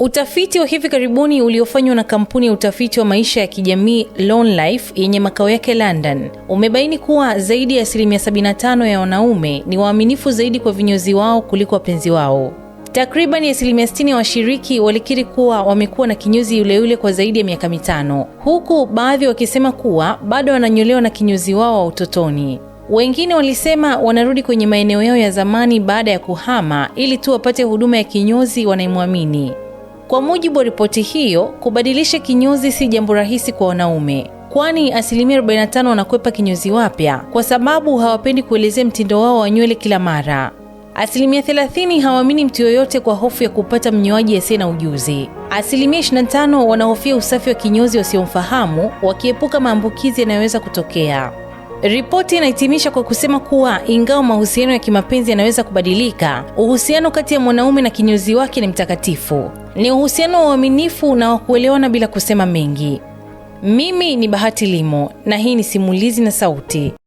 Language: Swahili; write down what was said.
Utafiti wa hivi karibuni uliofanywa na kampuni ya utafiti wa maisha ya kijamii Life yenye makao yake London umebaini kuwa zaidi ya asilimia 75 ya wanaume ni waaminifu zaidi kwa vinyozi wao kuliko wapenzi wao. Takriban asilimia 60 ya washiriki walikiri kuwa wamekuwa na kinyozi yule yule kwa zaidi ya miaka mitano, huku baadhi wakisema kuwa bado wananyolewa na kinyozi wao wa utotoni. Wengine walisema wanarudi kwenye maeneo yao ya zamani baada ya kuhama ili tu wapate huduma ya kinyozi wanayemwamini. Kwa mujibu wa ripoti hiyo, kubadilisha kinyozi si jambo rahisi kwa wanaume kwani asilimia 45 wanakwepa kinyozi wapya kwa sababu hawapendi kuelezea mtindo wao wa nywele kila mara. Asilimia 30 hawaamini mtu yoyote kwa hofu ya kupata mnyoaji asiye na ujuzi. Asilimia 25 wanahofia usafi wa kinyozi wasiomfahamu, wakiepuka maambukizi yanayoweza kutokea. Ripoti inahitimisha kwa kusema kuwa ingawa mahusiano ya kimapenzi yanaweza kubadilika, uhusiano kati ya mwanaume na kinyozi wake ni mtakatifu. Ni uhusiano wa uaminifu na wa kuelewana bila kusema mengi. Mimi ni Bahati Limo na hii ni Simulizi na Sauti.